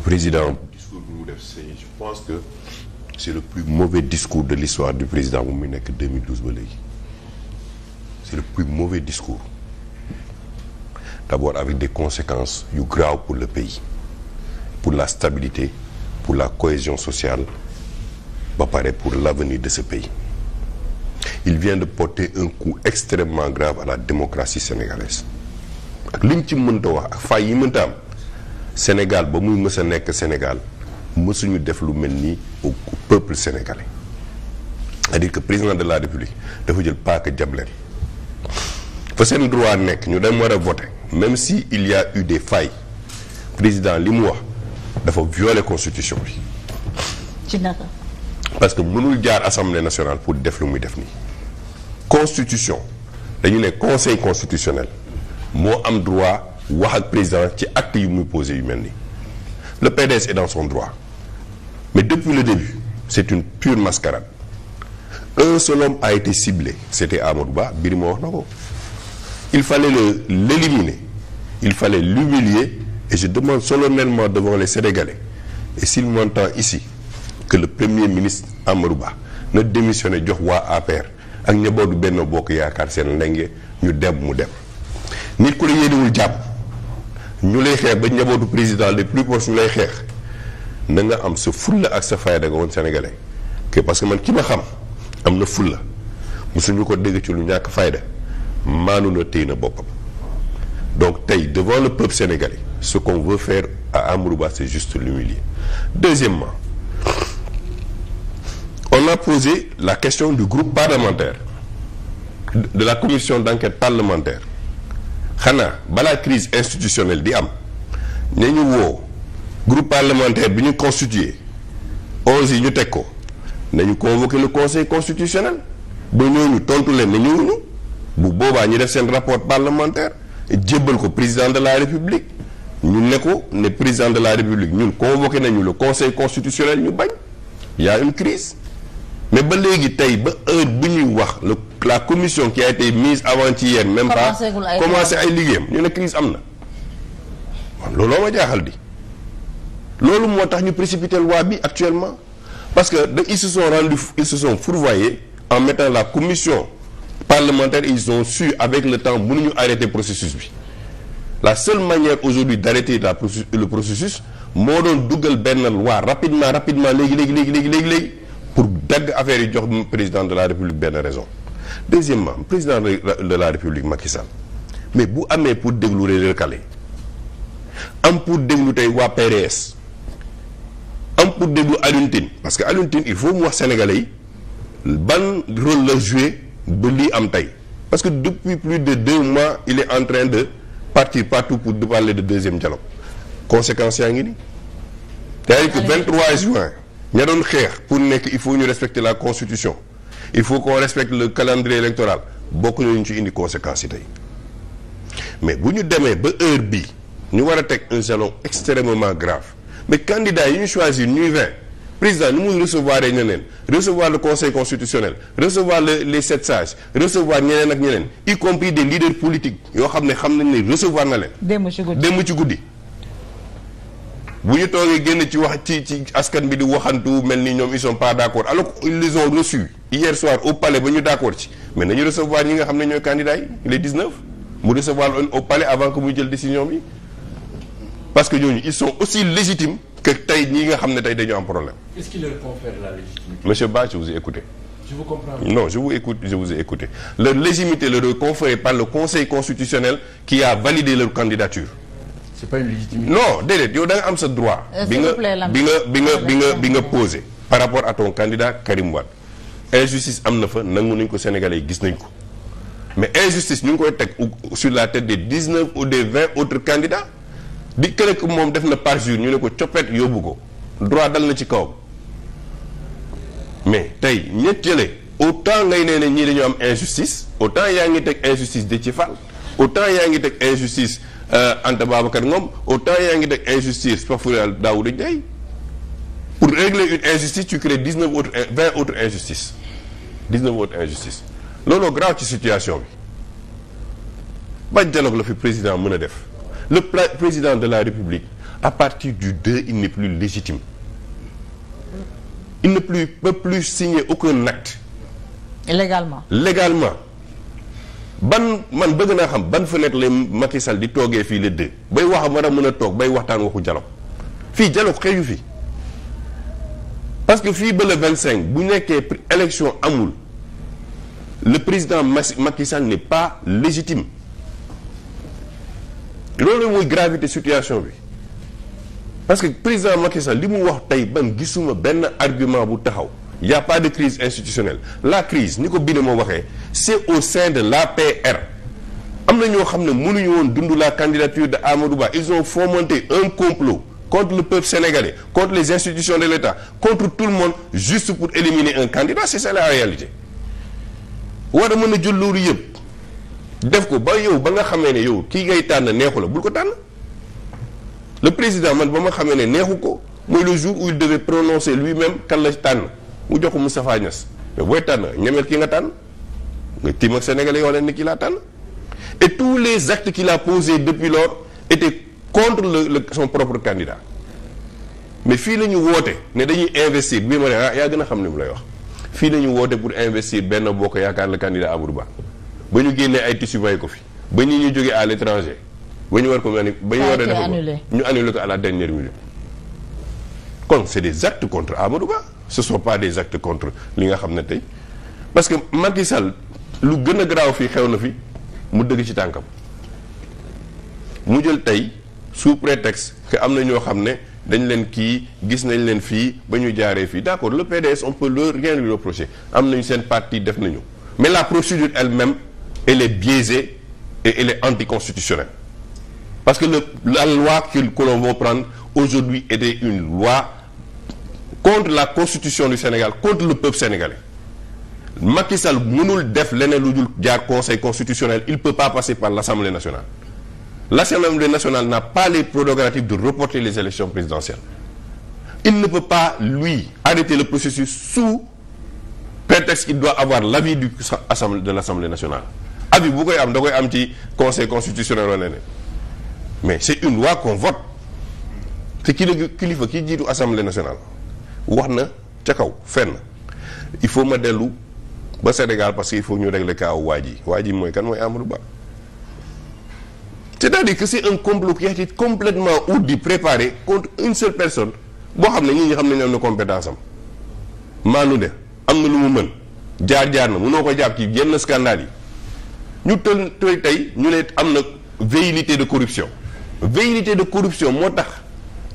président discours bi mu def c'est je pense que c'est le plus mauvais discours de l'histoire du président bu muy nekk 2012 ba léegi c'est le plus mauvais discours d'abord avec des conséquence yu graves pour le pays pour la stabilité pour la cohésion sociale ba pare pour l'avenir de ce pays il vient de porter un coup extrêmement grave à la démocratie sénégalaise ak li ci mënta wax ak failles yi mënta am Sénégal ba muy mës nekk Sénégal mësuñu def lu mel nii au peuple sénégalais c'est-à-dire que président de la République dafa jël paaka jam leen fa seen droit nekk ñu dem war a voter même si il y a eu des failles président li mu wax dafa violer constitution bi. parce que mënul jaar assemblée nationale pour def lu muy def nii. constitution dañu ne conseil constitutionnel moo am droit. wax ak président ci acte yu muy posé yu mel ni le PDS est dans son droit mais depuis le début c'est une pure mascarade un seul homme a été ciblé c'était Amadou Ba moo wax na ko il fallait le l'éliminer il fallait l'humilier et je demande solennellement devant les Sénégalais et s'il m'entend que le premier ministre Amadou Ba na démissionné jox waa APR ak ñaboodu benn bokk yaakaar seen lenge ñu dem mu dem nit ku la yéenewul jàpp ñu lay xeex ba njabootu président les plus proches ñu lay xeex na nga am sa fulla ak sa fayda nga woon sénégalais que parce que man ki ma xam am na fulla mosuñu ko dégg ci lu ñàkk fayda maanu na téy na boppam donc tey devant le peuple sénégalais ce qu'on veut faire à Amadou Ba c'est juste l'humilier deuxièmement on a posé la question du groupe parlementaire de la commission d'enquête parlementaire xanaa balaa crise institutionnelle di am ñu woo groupe parlementaire bi ñu constitué onze yi ñu teg ko nañu convoqué le conseil constitutionnel ba ñu tontu leen ne ñu bu boobaa ñu def seen rapport parlementaire jébbal ko président de la république ñu ne ko ne président de la république ñun convoqué nañu le conseil constitutionnel ñu bañ y une crise mais ba léegi tey ba heure bi ñuy la commission qui a été mise avant-hier même pas commencé ay liggéeyam ñu ne crise am na man looloo ma jaaxal di loolu moo tax ñu précipité loi bi actuellement parce que da ils se sont rendus ils se sont fourvoyés en mettant la commission parlementaire ils ont su avec le temps mënuñu arrêter processus bi la seule manière aujourd'hui d'arrêter la le processus moo doon duggal benn loi rapidement rapidement léegi léegi léegi léegi léegi pour dagg affaire yi jox président de la république benn raison deuxièmement président de la république Macky Sall mais bu amee pour déglu les recalés am pour déglu tey waa PDS am pour déglu Alioune Tine parce que Alioune il faut mu wax sénégalais yi ban rôle la joué ba lii am tey parce que depuis plus de deux mois il est en train de partir partout pour parler de deuxième dialogue conséquences yaa ngi ni c'est-à-dire que 23 juin ña doon xeex pour nekk il faut ñu respecter la constitution il faut qu'on respecte le calendrier électoral bokk ñu ci indi conséquences yi mais bu ñu demee ba heure bi ñu war a teg un jalon extrêmement grave mais candidats yi ñu choisir ñuy vingt président nu muy recevoir yi ñeneen recevoir le conseil constitutionnel recevoir le les sept sages recevoir ñeneen ak ñeneen y compris des leaders politiques yoo xam ne xam nañ ne recevoir na leen démb ci guddi bu ñu toogee génn ci wax ci ci askan bi di waxantu mel ni ñoom ils sont pas d' accord alors ils ont reçu hier soir au ba ñu d' ci mais nañu recevoir ñi nga xam ne ñooy candidats yi les 19 mu recevoir au palais avant que mu jël décision bi parce que ñooñu ils sont aussi légitimes que tey ñi nga xam ne tey dañu am problème. est ce qu' monsieur Ba je vous ai écouté. je vous comprends. non je vous écoute leur légitimité leur est conférée par le conseil constitutionnel qui a validé c'est pas une légitimité. non déedéet yow da nga am sa droit. Euh, bi nga bi nga bi nga bi nga bi nga posé. par rapport à ton candidat Karim Wade injustice am na fa nag nangu nañ ko Sénégalais gis nañ ko mais injustice ñu ngi koy teg sur la tête des dix neuf ou des vingt autres candidats di que ne moom def na parjure ñu ne ko coppet yóbbu ko droit dal na ci kawam mais tey ñettele autant ngay nee ne ñii dañoo am injustice autant yaa ngi teg injustice Déthié Fall autant yaa ngi teg injustice. Euh, Anta Babacar Ngom autant yaa ngi def injustice Fafoural Daouda Ndiaye pour régler une injustice tu crées dix neuf autres vingt autres injustices dix neuf autres injustices looloo grave ci situation bi ban dialogue la fi président mën a def le président de la République à partir du 2 il n'est plus légitime il ne peut plus signer aucun acte légalement légalement ban man bëgg naa xam ban fenêtre la Macky di toogee fii le de bay wax war a mën a toog bay waxtaan waxu dialogue fii jaloo xëyu fii parce que fii ba le vingt cinq bu nekkee élection amul le président Macky Sall n'est pas légitime loolu mooy gravité situation bi parce que président Macky li mu wax tey ban gisuma benn argument bu taxaw il y a pas de crise institutionnelle la crise ni ko Bine moo waxee c'est au sein de l'APR am na ñoo xam ne mënuñu woon dund la candidature de Amadou Ba ils ont fomenté un complot contre le peuple sénégalais contre les institutions de l'État contre tout le monde juste pour éliminer un candidat c'est ça la réalité war a mën a jul loolu yëpp def ko ba yow ba nga xamee ne yow kii ngay tànn neexu la bul ko tànn le président man ba ma xamee ne neexu ko mooy le jour où il devait prononcer même kan la tànn mu jox ko Moustapha mais booy tànn ñemeel ki nga tànn nga tiim ak sénégalais yoo leen ni kii laa tànn et tous les actes qu'il a posés depuis lors étaient contre le, le son propre candidat mais fii la ñu woote ne dañuy investir bii ma ne ah yaa gën a xam ne mu lay wax fii la ñu woote pour investir benn bokk yaakaar le candidat Amadou Ba ba ñu génnee ay tissu bàyyi ko fi ba ñu ñu jógee à l'étranger ba ñu war ko ba ñu war a def ñu annulé ko la dernière minute kon c'est des actes contre Amadou Ba ce sont pas des actes contre li nga xam ne tey parce que Macky Sall lu gën a garaaw fii xew na fi mu dëgg ci tànkam mu jël tey sous prétexte que am na ñoo xam ne dañ leen kii gis nañ leen fii ba ñu jaaree fii d'accord le PDS on peut leur rien lui reprocher am nañu seen parti def nañu mais la procédure elle-même elle et elle est anticonstitutionnelle parce que le la loi que l'on va prendre aujourd'hui était une loi contre la constitution du Sénégal contre le peuple sénégalais Macky Sall mënul def leneen lu dul jaar conseil constitutionnel il peut pas passer par l'Assemblée nationale l'Assemblée nationale n'a pas les prérogatives de reporter les élections présidentielles il ne peut pas lui arrêter le processus sous prétexte qu'il doit avoir l'avis du assemblée de l'Assemblée nationale avis bu koy am da koy am ci conseil constitutionnel wala leneen mais c'est une loi qu'on vote te ki la kilifa ki jiitu assemblée nationale wax na ca kaw fenn il faut ma dellu ba Sénégal parce que il faut ñu régler kaaw waa ji waa ji mooy kan mooy Amadou Ba c'est-à-dire que c'est un complot qui a été complètement ourdi préparé contre une seule personne boo xam ne ñi ñi xam nañ am na compétence am maanu de am na lu mu mën jaar-jaar na noo ko jàpp ci yenn scandale yi ñu tël tël tey ñu ne am na velléité de corruption velléité de corruption moo tax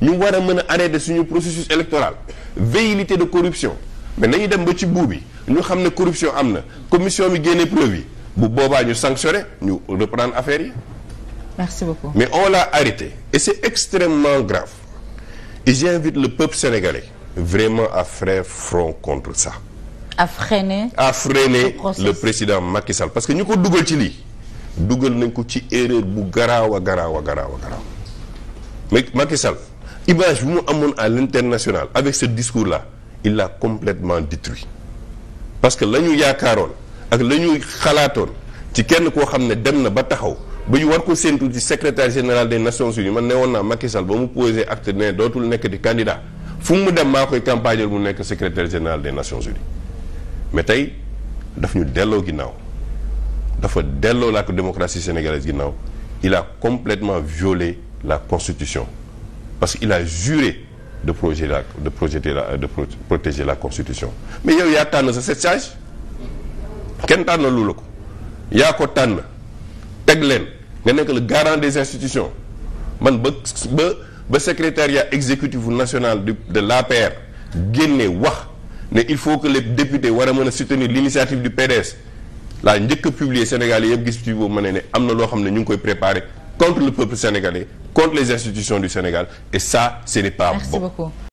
ñu war a mën a arrêter suñu processus électoral velléité de corruption mais nañu dem ba ci buub bi ñu xam ne corruption am na commission bi génne preuve yi bu boobaa ñu sanctionné ñu reprendre affaire yi. mais on l'a arrêté et c'est extrêmement grave et j'invite le peuple sénégalais vraiment à faire front contre ça. à freiner. à freiner le, le président parce que ñu ko dugal ci lii dugal nañ ko ci erreur bu garaaw a garaaw a garaaw a garaaw mais Macky Sall. image bi mu amoon à l'international avec ce discours la il l'a complètement détruit parce que la ñu yaakaaroon ak la ñu xalaatoon ci kenn koo xam ne dem na ba taxaw ba ñu war ko séntu ci secrétaire général des Nations Unies man ne woon naa Macky ba mu posé acte ne dootul nekk di candidat fu mu dem maa koy campagnal mu nekk secrétaire général des Nations Unies mais tey daf ñu delloo ginnaaw dafa delloo la démocratie sénégalaise ginnaaw il a complètement violé la constitution parce qu'il a juré de protéger la de projet la de protéger la constitution mais yow yaa tànn sa sept sages kenn tànn lu la ko yaa ko tànn teg leen nga nekk la garant des institutions man ba ba ba secrétariat exécutif national de de pr génne wax ne il faut que les députés war a mën a soutenir l'initiative du PDS laa njëkk a publier Sénégal yëpp gis ci boobu ma ne ne am na loo xam ne ñu ngi koy préparer contre le peuple sénégalais, contre les institutions du Sénégal. Et ça, ce n'est pas bon. Merci beaucoup.